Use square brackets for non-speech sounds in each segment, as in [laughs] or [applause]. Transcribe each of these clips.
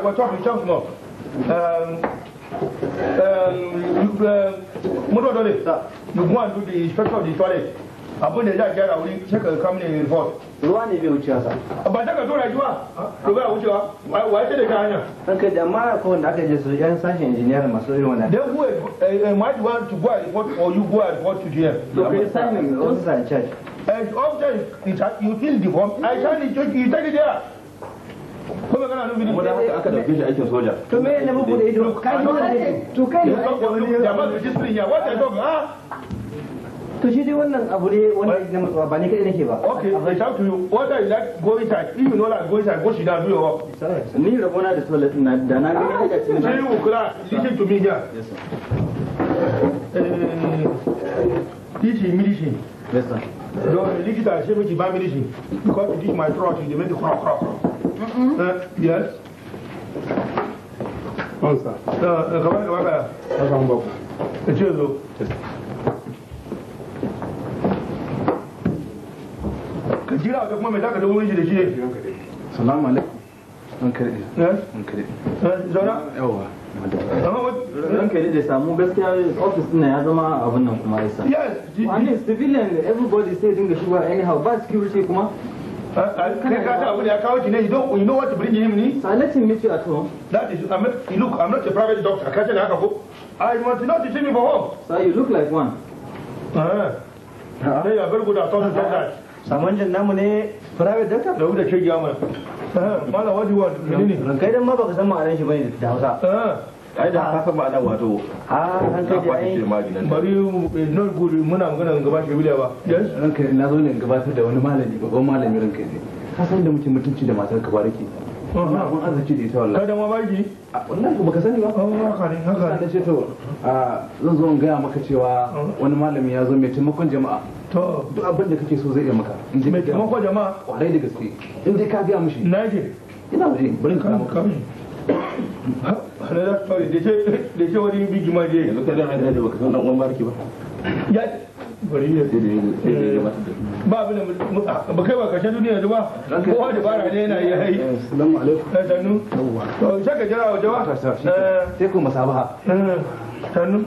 uh, we're talking Chancellor. Um, um, you, uh, Motodole, sir, you go and do the inspection of the toilet. Abundeja gyara wuri sai ka kawo mini report. Ruwa ne bai wucewa sa. Ba ta ka zo rayuwa? To ba wucewa? Wa ya da ka hanya? Kanka da mara ko wanda aka je su yan sashen engineer masu irin wannan. Then who uh, uh, uh, might want to go and report or you go and report to GM? To kai sashen officer in charge. And uh, officer in charge, you fill the form. I shall you take it there. ko ba kana nufin wanda haka aka dauke shi aikin soja to me ne mu bude ido kai ne to kai ne ya ba registry ya wata dog ha to shi dai wannan abu ne wanda na mutuwa ba ni kai nake ba okay i shout to you what i like go inside if you know that go inside go shida do your ni rabona da toilet na da na ga daga ah, cikin sai you cry listen to me here yes sir eh teaching medicine yes sir don likita shi miki ba medicine because it is my throat you dey make the crop ka jira kuma salamu eh? eh, ya zama Yes. civilian everybody sai dinga shiga anyhow ba security kai ka abu da ya kawo ki ne you don't you know what to bring him ni i let him meet you at home that is i'm not look i'm not a private doctor ka ce haka i want not to see me for home sir you look like one eh. ah sai ya bar guda tawon da saman jin namu ne private doctor da wuda ce gama malam eh, what you want menene kai dan ma baka san ma'anar shi bane da Hausa eh. ai da kasan ba nan wato a ah, an kai da ai bari eh, no guri muna magana gaba shi wuya ba yes ranka na zo ne gabatar da wani malami babban malami ranka ne ka san da mutum mutunci da matar ka barake ina abun arziki da ita wallahi kada ma baki wannan ko baka sani ba oh, haka ne haka ne ce to a zan zo in gaya maka cewa oh. wani malami ya zo mai taimakon jama'a to duk abin da kake so zai iya maka mai taimakon jama'a kwarai da gaske in dai ka ga mishi na je ina waje bari ka maka na da sorry da ke wani je yanzu kada na da baka san dan uwan barki ba ya bari ya sai da ba abin da muka ba kai ba kashe duniya da ba kowa da bara ne yana yi hai assalamu alaikum ta tanu to sai ka jira wajewa sai ku musabaha tanu tanu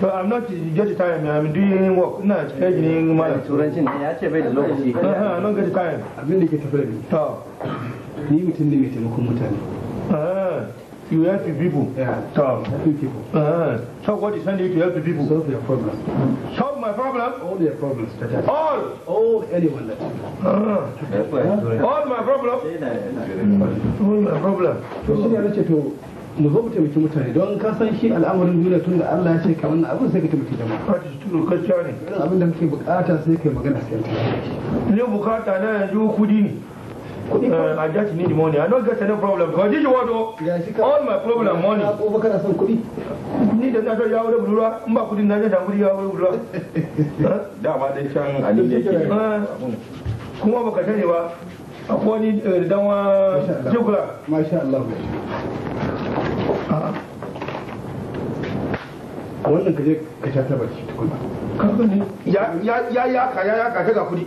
to i'm not get time i'm doing work ina cikin malam turancin ya ce bai da lokaci no get time abin da ke to ni mutum ne mai taimakon mutane eh, you help people. Yeah. So, helping people. Uh, so what is to help the people? Solve their problem. Solve my problem? All their problems. all? All anyone that. Uh, all my problem? Hmm. All my problem. To shi ne ce to mu zo mu taimaki mutane don ka san shi al'amarin duniya tun da Allah ya ce ka wannan abin sai ka taimaki jama'a. Ka ci tuno kacciya ne. Abin da kake bukata sai kai magana sai ka. Ni bukata na yanzu kudi ne. Uh, I just need money. I don't get any problem. Because this world, oh, all my problem money. Ni da na da can a Masha uh-huh. ka sha tabar shi tukuna. Ya ya ya ka ya ya ka ga kudi.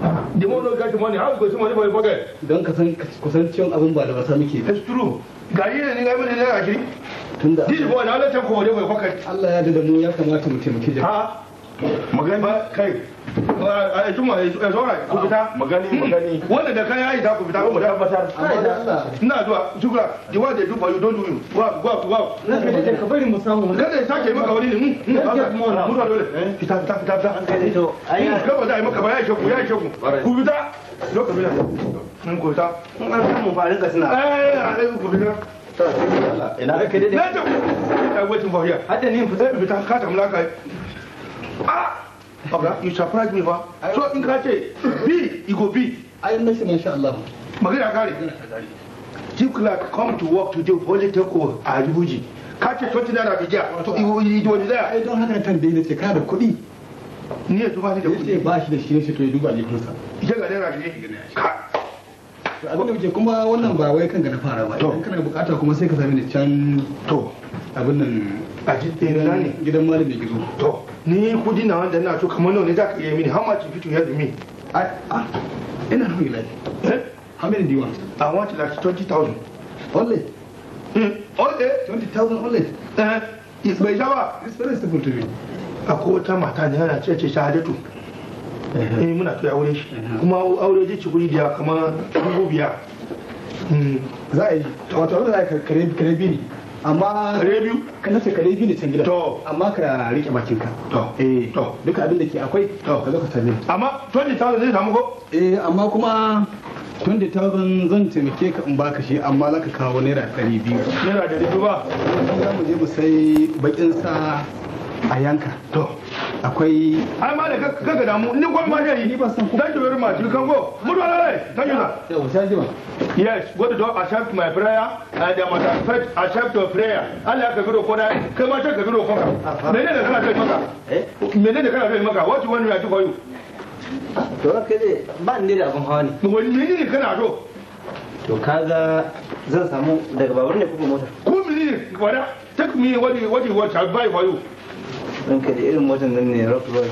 the more no get money how you go see money don ka san kusancin abin ba da wasa muke that's true gari ne ga mun ne ga kiri tunda this boy na lati ko da pocket Allah ya da mu ya kamata mu taimake jama'a magana ba kai a juma ya zo ku fita ah, magani hmm. magani wanda da kai yayi ku fita ku tabbatar ina zuwa shukra the way they do you don't do you go out ka bari mu samu kada ya sake maka wani ne mu hmm, hmm. mu dole eh? fita fita fita fita to ai ka ba dai maka ba yayi shakku yayi shakku ku fita zo ka fita mun ku fita mun an samu farin ka suna eh, eh alai ku fita ina na ta hadda ne fita eh, fita ka ta mulaka ah Okay, you surprise me ba. So in ka ce B, you go B. I am missing insha Allah. Magana Chief clerk come to work today only take over a Abuja. Ka ce 20 naira bijiya. To you do there. Ai don haka tambaye ne ce ka da kuɗi. Ni yanzu ba ni da kuɗi. Ba shi da shi ne shi to ya duba aljihunsa. Ya ga naira bijiya. Ka abin da muke kuma wannan ba wai kanka na fara ba idan kana bukata kuma sai ka sami da can to abin nan a eh, gidan malam da gizo to ni kudi na wanda yana to kamar nawa ne za ka iya mini how much you fit to help me i ah ina no you like eh how many do you want i want like 20000 only mm only 20000 only eh is bai jawa is very simple to me akwai wata mata ne yana cece shahadatu eh muna kai aure shi kuma aure je ci guri da kamar dubu biya za a yi wata wata za a yi kare biyu amma kare biyu ka nace kare biyu ne can gida to amma ka rike bakin ka to eh to duka abin da ke akwai to ka zo ka same ni amma 20000 zai samu ko eh amma kuma 20,000 zan taimake ka in baka shi amma za ka kawo naira 200 naira 200 ba za mu je mu sai bakin sa a yanka to akwai ai ma da kaga damu ni ko ma dai ba san dan to yarma til kango mudu alai kan yuza yau sai ba yes go to i shaft my prayer and am at faith shaft your prayer Allah ka biro ko da kai ma ta ka ko ka menene da kana kai maka eh menene kana kai maka what you want me to for you to ka dai ba ni da abun hawani ne wani menene kana so to kaga zan samu daga babur ne kuma mota ko menene wada take me what you what you want i'll buy for you ranka da irin motar nan ne rock royce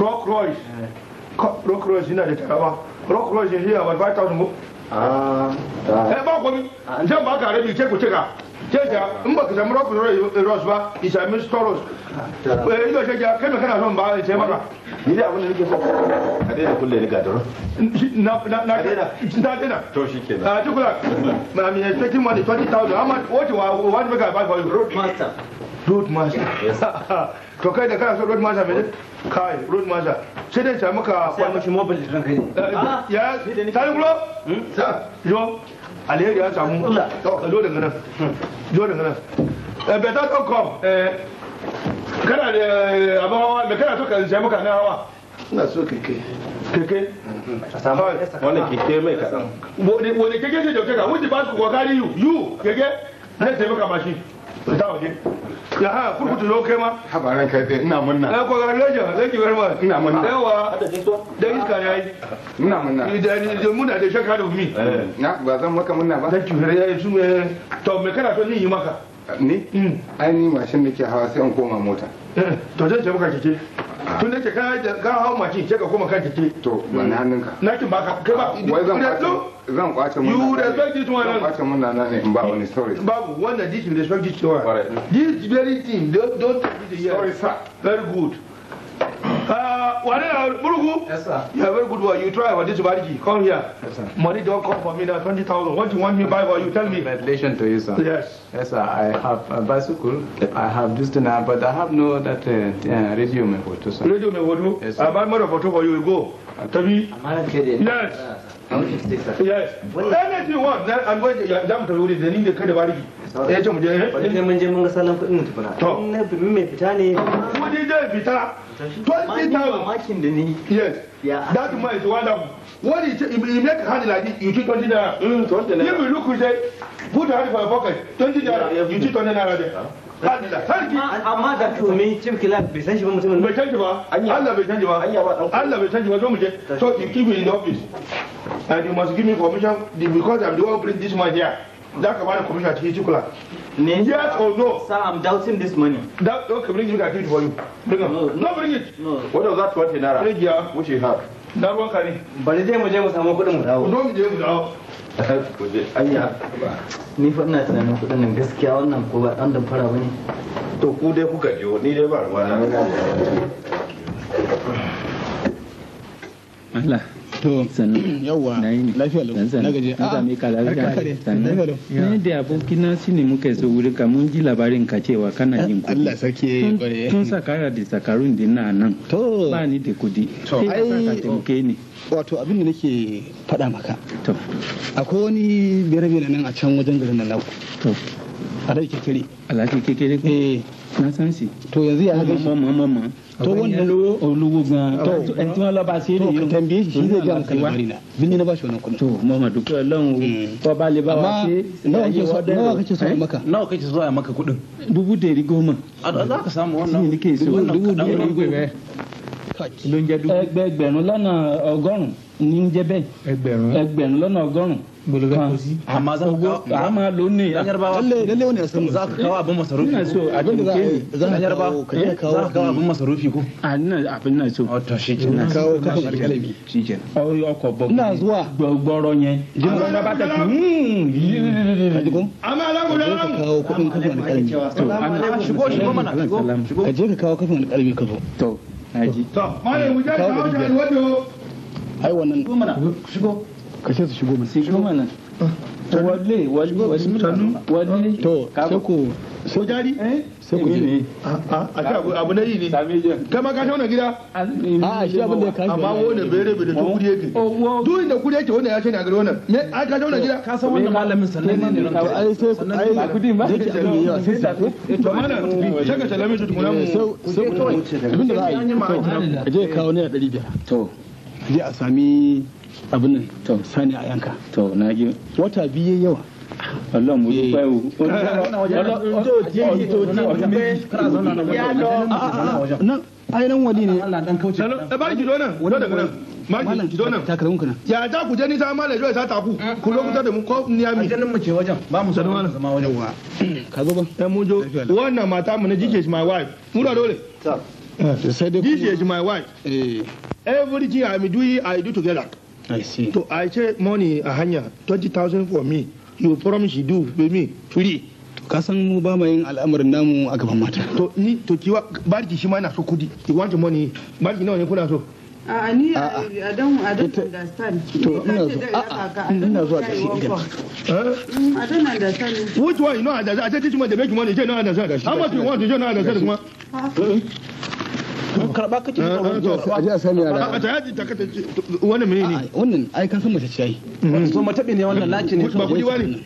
rock royce eh. rock royce yana da taraba rock royce shi yana bai 5000 ko ah eh ba komi ah. zan ba ka rabi ku in samu rock royce eh, ba storos ah, eh kai kana son ba ce eh, maka ni da abin da nake so a daina na na na to ah, [laughs] ma mi money 20000 what what buy for you road master road marshal [laughs] to kai da kana so road marshal mai kai road marshal sai dai sami ka kwanan shi mobile din kai eh, ah, ya tayi kulo jo alheri ya samu ka zo daga nan zo hmm. daga nan eh, better don't come eh, kana da abin hawa da kana so ka sami ka na hawa ina so keke keke wannan keke mai kaɗan wani keke ce jauke ka wuce ba su kokari yu yu keke na taimaka mashi ta waje ya ha kurkutu zo kai ma habaran kai dai ina munna ya ko ga leja leji bar ma ina munna yawa da iska yayi ina munna da da muna da shaka da mi eh. na ba zan maka munna ba leji bar yayi su eh. to me kana so ni yi maka ni mm. ai ni mashin nake hawa sai in koma mota eh, to zan ce maka kike tun da ka da ga hawo ka koma kan kike to na hannunka na kin ba ka ba wai zan kwace zan kwace mun you respect this one zan kwace mun ne ba wani story babu wannan this you respect this one this very thing don't don't take it here sorry sir very good ah Wani na Burugu? Yes, sir. You are very good boy. You try Come here. Yes, Money don't come for me now. 20,000. What you want me buy for you? Tell me. Congratulations to you, sir. Yes. Yes, sir. I have a bicycle. I have this dinner, uh, but I have no that uh, uh, radio me photo, sir. Radio me photo? Yes, sir. I buy more photo for you. You go. tell me I'm not kidding. Yes. I'm 50, sir. Yes. Anything you want. I'm going to, you're down to the need the credit of ya eh, ce mu je eh, mun je mun ga salon kuɗin tukuna to na ne zai fita 20,000 da ni yes that money is wonderful what is you make hand like you 20 naira 20 mm, naira you look say put hand for pocket 20 naira you 20 naira there amma da tumi bai san shi ba mutumin bai san shi ba Allah bai san shi ba Allah bai san shi ba zo mu je so you keep in the office and you must give me permission because I'm the one bring this man here da ka bada commission cikin cikula ne yes or no sir i'm doubting this money that okay bring it for you bring it no, no bring it no what was that 20 naira bring ya which you have na ruwan ka bari dai mu je mu samu kuɗin mu dawo don mu je mu dawo Anya, ni fa ina tunanin kuɗin nan gaskiya wannan ko ba ɗan damfara ba To ku dai kuka jiyo, ni dai ba ruwa na. Allah. to [clears throat] yawwa lafiya lau na gaje a ah, ka lafiya lafiya lau ne da abokina shi ne muka so wuri ka mun ji labarin ka cewa kana yin kudi Allah sarki yayi tun sakara da sakarun din na nan to ba ni da kudi to ai ka taimake ni wato abin da nake faɗa maka to akwai wani bere-bere nan a can wajen garin nan to a rai kekere kekere eh nasansi. to yanzu ya haka shi mama mama to wannan lowo olowo gan to en ti wọn lọ ba se ni. to tambaye shi zai ga kai wa bin na ba shi wannan kudi. to mama duk lọ́hùn tó bá lè bá wa se. nawa kake so a maka. nawa kake so a maka kudin. dubu dari goma. a za ka samu wannan. shi ne ke so dubu dari goma. ló ń jẹ lọ́nà ọgọ́rùn-ún ní ń jẹ bẹ́ẹ̀. ẹgbẹ̀rún. lọ́nà ọgọ́rùn-ún. gulga amma za ka amma lonne ya yarbawa lalle lalle y'a asan za ka kawo abin masarufi ina so a abin da za ka ka kawo ka kawo abin masarufi ko a ina abin so a oh, to shi ke na mm. kawo kafin alƙalami shi ke na au ya ko babu ina zuwa gboro yen jin ba ta kun amma ala ku da ka kawo kudin kafin alƙalami to amma shigo shigo mana shigo ka je ka kawo kafin alƙalami ka zo to naji to malai wujar kawo da alwado ai wannan shigo kashe su shigo mana shigo mana ah, walle wale to sai ku ko jari eh? sai ku eh, ne ah, ah, a ce abu na yi ne kai ma ka shauna gida a a shi abin da ya kashi amma wanda bere bere to kuri yake oh, duk inda kuri yake wanda ya a gari wannan me a ka shauna gida ka san wannan malamin sannan ne to ai sai ku ai kudi ma sai ta yawa sai ta to to mana shaka ka salame su tukuna mu eh, sai ku abin da za a yi je kawo ne a 500 to je a sami abin nan to sani a yanka to na gi wata biye yawa Allah mu yi eh. bayo oh, ai nan wali ne Allah dan kauce da eh, bari ki zo nan wani daga nan malam ki zo nan takalmin ku ya ta ku je ni ta malam zai ta taku eh. ku lokuta da mu ko ni ya mi mu wajen ba mu zama zama wajen wa ka zo ban eh mun jo wannan mata mu na jike my wife mu da dole ah, sai dai jike my wife eh everything i do i do together I see. So I say money a hanya 20,000 for me. You promise you do for me free. To kasan mu ba mu yin al'amarin namu a gaban mata to ni to kiwa barki shi ma na so kudi you want the money barki nawa ne kuna so a ni a don understand to ina so a ina so a shi again a mm, understand which one you know understand i said teach me the make money you don't understand how much you want you don't understand karba kace ka karba eh, eh, aje a sani yara a ta yaji ta kace wannan menene wannan ai ka san mace ce ai so mm. matabe ne wannan laci ne ba kudi wani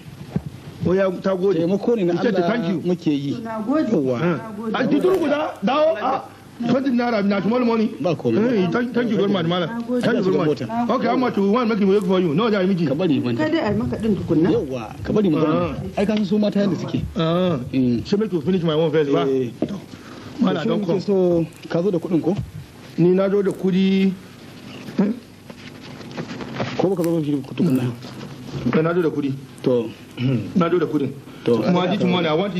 o ya ta gode taimako ne na Allah muke yi kowa a tuturu guda dawo a naira na tomorrow morning. Ba komai. Eh, thank, you very much, Malam. Thank you very much. Okay, how much one make me for you? No, da miki. Ka bari mun. Ka ai maka din tukunna. Yawa, ka bari mu. Ah. Ai ka san su mata yadda suke. Ah. Mm. She make you finish my verse ba. mana so ka zo da kuɗin ko ni na zo da kudi ko zo eh, na zo da kudi to na zo da kuma na want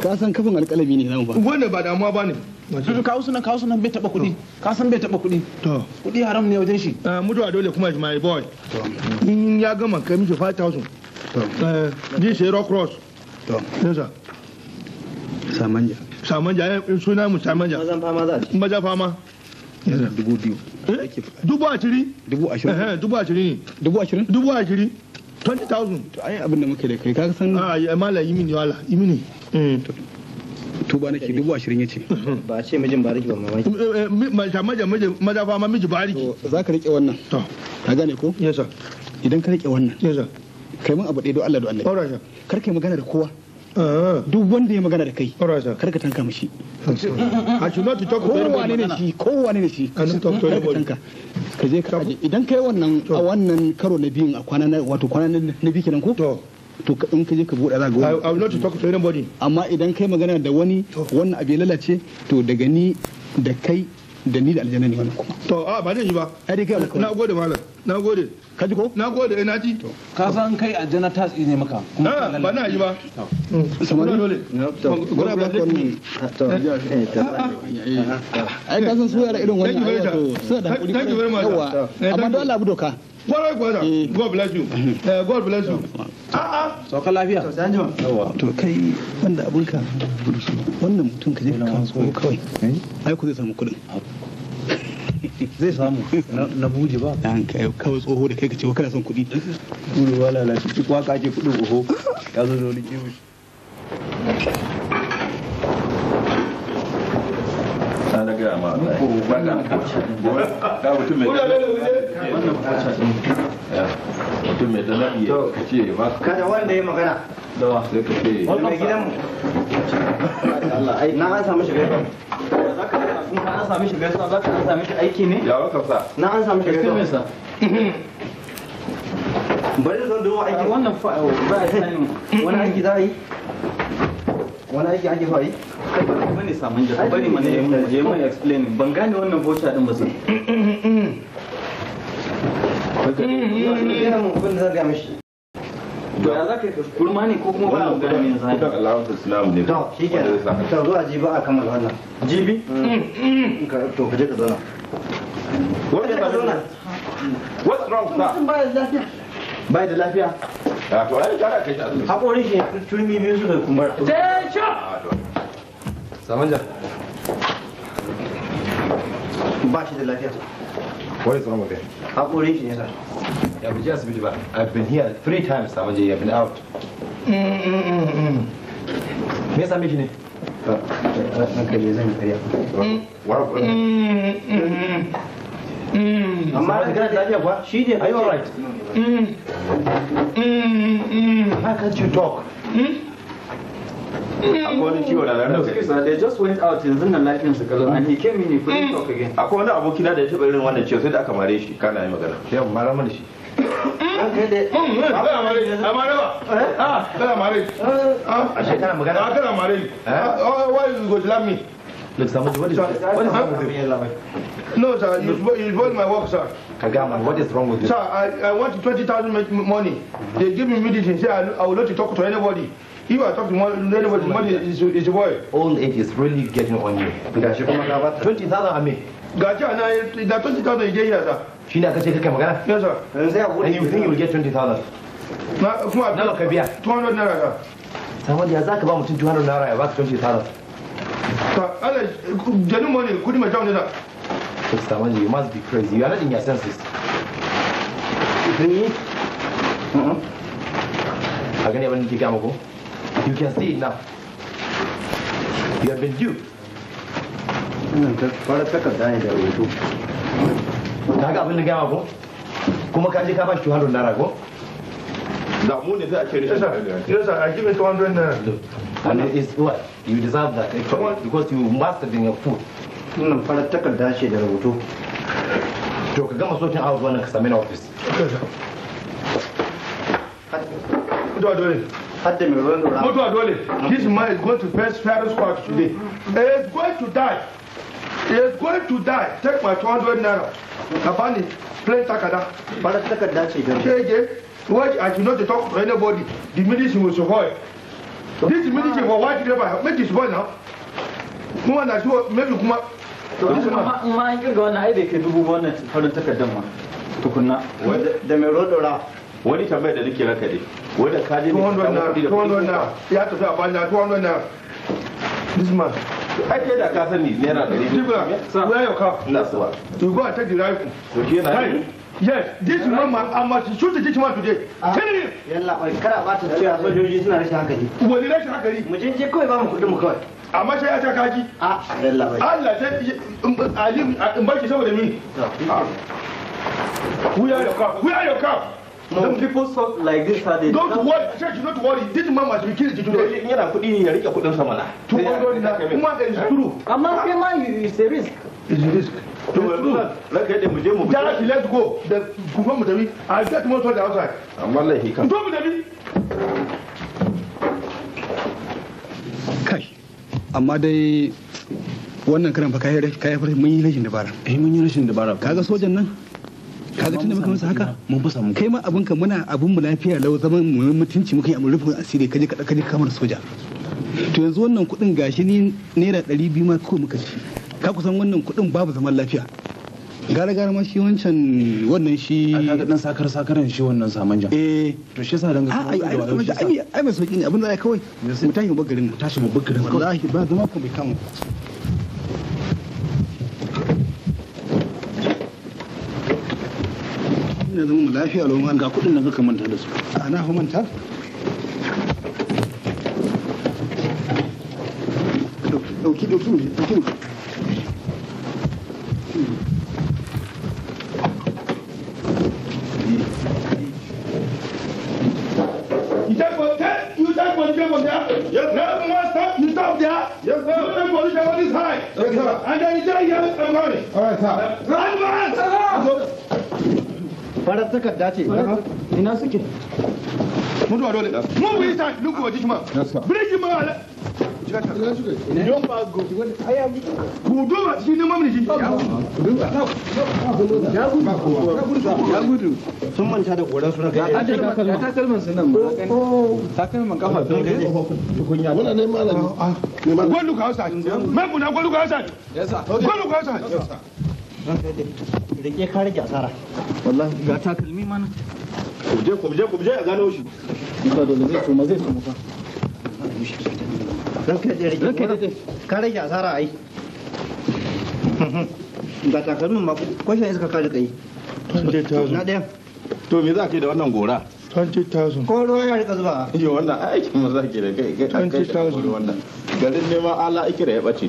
ka san kafin ne ba wanda ba damuwa ba ne kawo sunan kawo sunan bai taba kudi ka san taba kudi to haram ne wajen shi eh, mutuwa dole kuma is my boy in ya gama kai 5000 to eh, ji rock cross to yasa saman ja eh, suna mu saman ja mazan fama za a maza fama naira dubu biyu eh, dubu ashirin dubu ashirin eh, dubu ashirin ne dubu ashirin dubu ashirin 20,000 to ai abin da muke da kai kaga san a ah, ya mala yi mini wala yi mini to ba nake dubu ashirin yace ba ce mijin bariki ba mamaki maza maza maza maza fama miji bariki za ka rike wannan to ka gane ko yes sir idan ka rike wannan yes sir kai mun abu ɗaya don Allah do Allah kar kai magana da kowa Eh. duk wanda ya magana da kai kar ka tanka mishi I should not talk to anybody. Kowane ne shi, kowane ne shi. Ka je ka idan kai wannan a wannan karo na biyun a kwana na wato kwana na biyu kenan ko? To. To in ka je ka buɗe za ga I will not talk to anybody. Amma idan kai magana da wani wannan abu ya lalace to daga ni da kai da ni da aljanna ne wannan to a ba zan yi ba ai kai alƙawari na gode malam na gode ka ji ko na gode ina eh, ji to ka san kai aljanna ta tsine maka kuma ba na yi ba samari dole gura ba kon to ai ka san su yara irin wannan ayyuka sai da hakuri yawa eh, amma don Allah doka kwarai kwata eh. god bless you god bless you a'a ah, ah. sauka lafiya to kai wanda abinka wannan mutum ka je ka kawo kawai ai ku zai samu kuɗin zai samu na buji ba dan kai kawai tsoho da kai ka ce kana son kuɗi dole wala kwa kuɗin oho ya zo da wani na mutum mai dalabi ya ba kada wanda ya magana sai ka ce wannan gidan mu Allah [laughs] ai na an samu shiga ba za ka kuma ka an sami shi gaisuwa ba ka an sami shi aiki ne ya na an sami shi gaisuwa sa [laughs] bari zan dawo aiki wannan fa oh, ba a sanin wani aiki za a yi wani aiki ake fa yi bane samun jaka bari mana je mai explain ban gane wannan voucher din ba sai to ya kurma ne ko kuma ba amfani yanzu haka kudan alawar islam ne to shi ke ta zuwa jibi a wannan jibi to ka je ka zauna ka zauna what's wrong da lafiya a to ai kara kai shi asibiti shi turmi biyu suka kumbar ah, samanja ba shi da lafiya What is wrong with him? How old is he? Yeah, but just a bit believe I've been here three times, Samaji. I've been out. Mm sa Mm ne? Ranka ne zan Are you all right? Mm How can't you talk? Hmm? Mm. akwai wani ciwo da ranar kai sir they just went out yanzu nan lafiyar su kallon and he came in he mm. talk again akwai wani aboki na da ya taba irin wannan ciwo sai da aka mare shi kana yi magana sai amma mara mana shi kana mare eh? ah, a mare ba ah, kana mare a shekara eh? magana a ah, kana oh, mare why you go slam me Look, sir, what is, what is wrong with you? No, sir, you spoil my work, sir. Kagama, what is wrong with you? Sir, I, I want 20,000 money. They give me medicine, say I, I will not talk to anybody. You are talking about money is, is your boy. Old age is really getting on you. Eh. 20,000 a me. Gashi ana da 20,000 je ya sa. Shi ne aka ce kake magana? Yes sir. Yanzu ya And you think you will get 20,000? No, kuma nawa ka biya? 200 naira ka. Samuel ya zaka ba mutum 200 naira ya baka 20,000. Ta ala janu money you make jawo ne da. Samuel you must be crazy. You are not in your senses. How can abin even take a camera? You can see it now. You have been duped. Fara takarda da ga abin da gama ko? Kuma ka ka 200 naira ko? Da mu ne za a ce rishin I give what? You deserve that because you mastered in your food. Wannan fara takarda shi da To ka gama sokin hours wannan ka same na office. Dole dole. hadda mai ruwan lura mutuwa dole this man is going to face Pharaoh's court today he is going to die he is going to die take my 200 naira ka bani takada bara takada ce da shege why I should not talk to anybody the medicine will survive this medicine for white labor make it spoil now kuma na shi maybe kuma to amma in ma an wannan ai bai kai dubu wannan farin takardar ma tukunna da mai rodora wani tambayar da nake raka dai wanda ka je ne ya tafi a banza 200 na this ake da ka sani naira 100 dibla where your car that's what to go and take the rifle ke na Yes, this is not my amma to shoot this man today. Tell him. Yalla bai kara ba ta cewa sojoji suna rashin hankali. Wani rashin hankali? Mu je je kawai ba mu kudin mu kai Amma sai ya ta kaji. A yalla bai. Allah sai alim in barki saboda mini. Wuya yau ka, wuya yau ka. no Don't people stop like this Don't worry, church, don't worry. This man must be killed today. Yana kuɗi is true. Amma kai ma is a risk. Is a risk. To ranka da mu je mu. Just go. kuma mu tafi. I get motor da outside. Amma lahi ka. To mu tafi. Kai. Amma dai wannan karan fa kai mun yi rashin dabara eh mun yi rashin dabara kaga sojan nan kaga tunda muka masa haka mun fasa mu kai ma abin ka muna abin mu lafiya lau zaman mu mutunci muka yi a rufin asiri kaje kada kaje kamar soja to yanzu wannan kudin gashi ni naira ɗari biyu ma kawai muka ci ka kusan wannan kudin babu zaman lafiya gara gara ma shi wancan wannan shi a kaga dan sakar sakaran shi wannan saman jan eh to shi yasa danga ai ai ai ai mai sauki ne abin da ai kawai mu tashi mu bagarin mu tashi mu bagarin wallahi ba zama ku bai kama da zama lafiya lawan ga kuɗin da ka manta da su ana ku manta dauki dauki mu dauki mu Yes, sir. Master, you stop there. Yes, sir. You take police on this side. Yes, sir. And then you take your money. All right, sir. Run, man. farar takarda ce ina suke mutuwa dole mun yi ta lugu wa jikima birji ma ala Ku duba Ya gudu. Sun manta da goran suna kai. Ya takalman sun nan. Oh, oh. Takalman kafa sun kai. Tukunya. Muna ne malami. Ah, ah. Gwallu ka hausa. Mai kuna ka hausa. Gwallu ka hausa. da ke ka rage asara wallahi ga takalmi mana kubje kubje kubje a gano shi ba dole zai zai fa ranka da ka rage asara ai ga takalmin ma iska ka yi na ɗaya to me za ka yi da wannan gora 20,000 ko ruwa ya rika zuba wannan aikin za da kai garin neman ala ikira ya ɓace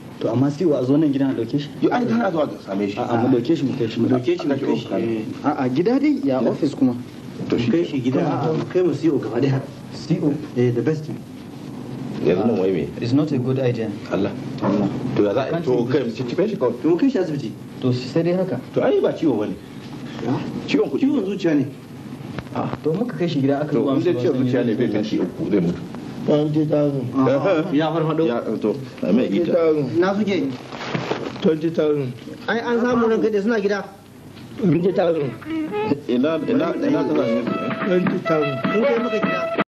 to amma sai wa zo nan gidan a dauke shi yo ai tana zuwa same shi a mu dauke shi mu kai shi mu dauke eh. shi mu kai shi a a gida dai ya office kuma to shi kai shi gida a kai mu CEO gaba daya CEO eh the best yanzu nan wai me it's not a good idea Allah to ya za a to kai mu ci shi kawai to kai shi asibiti to sai dai haka to ai ba ciwo bane ciwon kuɗi ciwon zuciya ne a to muka kai shi gida aka ruwa mu da ciwon zuciya ne bai kan shi uku zai mutu 20,000 [laughs] ya farfado to mai ita na suke 20,000 ai an samu nan gade suna gida 20,000 ina ina ina 20,000 in kai maka gida